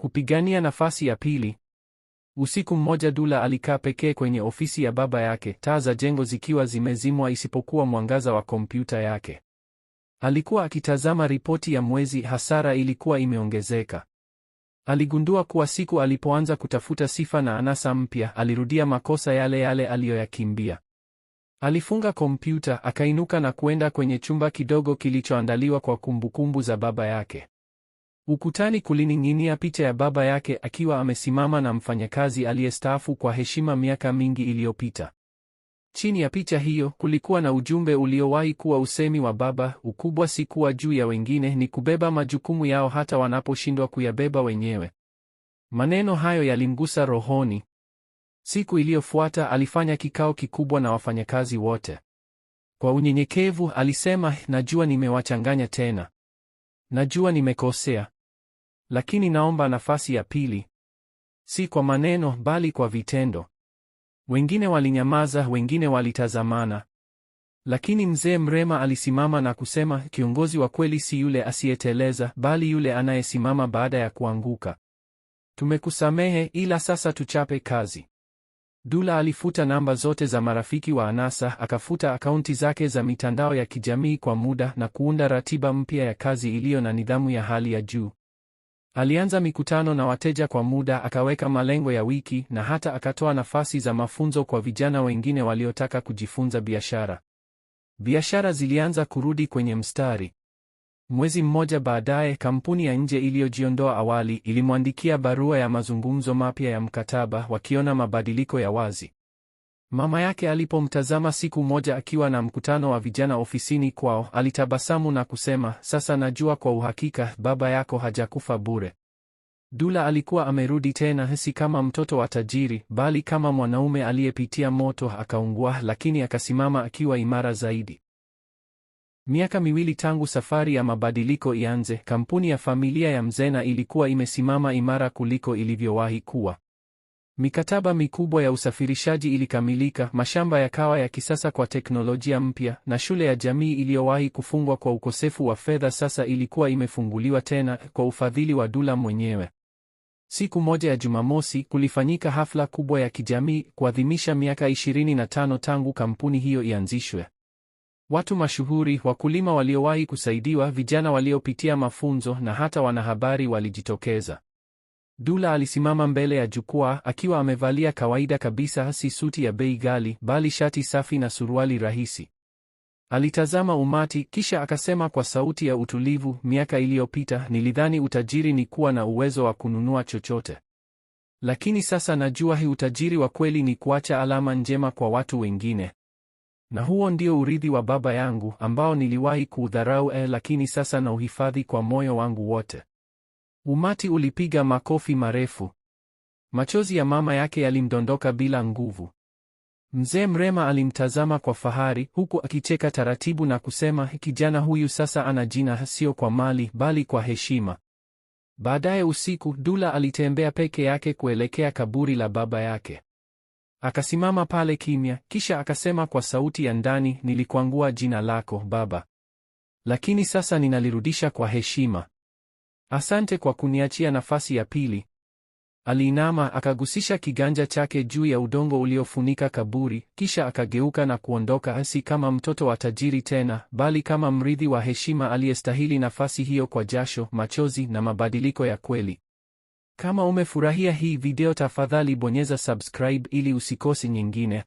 Kupigania nafasi ya pili. Usiku mmoja Dula alikaa pekee kwenye ofisi ya baba yake, taa za jengo zikiwa zimezimwa isipokuwa mwangaza wa kompyuta yake. Alikuwa akitazama ripoti ya mwezi, hasara ilikuwa imeongezeka. Aligundua kuwa siku alipoanza kutafuta sifa na anasa mpya, alirudia makosa yale yale aliyoyakimbia. Alifunga kompyuta, akainuka na kuenda kwenye chumba kidogo kilichoandaliwa kwa kumbukumbu za baba yake. Ukutani kulining'inia picha ya baba yake akiwa amesimama na mfanyakazi aliyestaafu kwa heshima miaka mingi iliyopita. Chini ya picha hiyo kulikuwa na ujumbe uliowahi kuwa usemi wa baba, ukubwa si kuwa juu ya wengine, ni kubeba majukumu yao hata wanaposhindwa kuyabeba wenyewe. Maneno hayo yalimgusa rohoni. Siku iliyofuata alifanya kikao kikubwa na wafanyakazi wote. Kwa unyenyekevu alisema, najua nimewachanganya tena, najua nimekosea lakini naomba nafasi ya pili, si kwa maneno, bali kwa vitendo. Wengine walinyamaza, wengine walitazamana, lakini mzee Mrema alisimama na kusema, kiongozi wa kweli si yule asiyeteleza, bali yule anayesimama baada ya kuanguka. Tumekusamehe, ila sasa tuchape kazi. Dula alifuta namba zote za marafiki wa anasa, akafuta akaunti zake za mitandao ya kijamii kwa muda na kuunda ratiba mpya ya kazi iliyo na nidhamu ya hali ya juu. Alianza mikutano na wateja kwa muda, akaweka malengo ya wiki na hata akatoa nafasi za mafunzo kwa vijana wengine waliotaka kujifunza biashara. Biashara zilianza kurudi kwenye mstari. Mwezi mmoja baadaye, kampuni ya nje iliyojiondoa awali ilimwandikia barua ya mazungumzo mapya ya mkataba, wakiona mabadiliko ya wazi. Mama yake alipomtazama siku moja akiwa na mkutano wa vijana ofisini kwao, alitabasamu na kusema, sasa najua kwa uhakika baba yako hajakufa bure. Dula alikuwa amerudi tena, si kama mtoto wa tajiri, bali kama mwanaume aliyepitia moto akaungua, lakini akasimama akiwa imara zaidi. Miaka miwili tangu safari ya mabadiliko ianze, kampuni ya familia ya Mzena ilikuwa imesimama imara kuliko ilivyowahi kuwa. Mikataba mikubwa ya usafirishaji ilikamilika, mashamba yakawa ya kisasa kwa teknolojia mpya, na shule ya jamii iliyowahi kufungwa kwa ukosefu wa fedha sasa ilikuwa imefunguliwa tena kwa ufadhili wa Dula mwenyewe. Siku moja ya Jumamosi kulifanyika hafla kubwa ya kijamii kuadhimisha miaka 25 tangu kampuni hiyo ianzishwe. Watu mashuhuri, wakulima waliowahi kusaidiwa, vijana waliopitia mafunzo na hata wanahabari walijitokeza. Dula alisimama mbele ya jukwaa akiwa amevalia kawaida kabisa, si suti ya bei ghali, bali shati safi na suruali rahisi. Alitazama umati kisha akasema kwa sauti ya utulivu, miaka iliyopita nilidhani utajiri ni kuwa na uwezo wa kununua chochote, lakini sasa najua hii utajiri wa kweli ni kuacha alama njema kwa watu wengine, na huo ndio urithi wa baba yangu ambao niliwahi kuudharau, eh, lakini sasa na uhifadhi kwa moyo wangu wote. Umati ulipiga makofi marefu. Machozi ya mama yake yalimdondoka bila nguvu. Mzee Mrema alimtazama kwa fahari huku akicheka taratibu na kusema, kijana huyu sasa ana jina, sio kwa mali bali kwa heshima. Baadaye usiku, Dula alitembea peke yake kuelekea kaburi la baba yake. Akasimama pale kimya, kisha akasema kwa sauti ya ndani, nilikuangua jina lako baba, lakini sasa ninalirudisha kwa heshima. Asante kwa kuniachia nafasi ya pili. Aliinama akagusisha kiganja chake juu ya udongo uliofunika kaburi, kisha akageuka na kuondoka, si kama mtoto wa tajiri tena, bali kama mrithi wa heshima aliyestahili nafasi hiyo kwa jasho, machozi na mabadiliko ya kweli. Kama umefurahia hii video, tafadhali bonyeza subscribe ili usikose nyingine.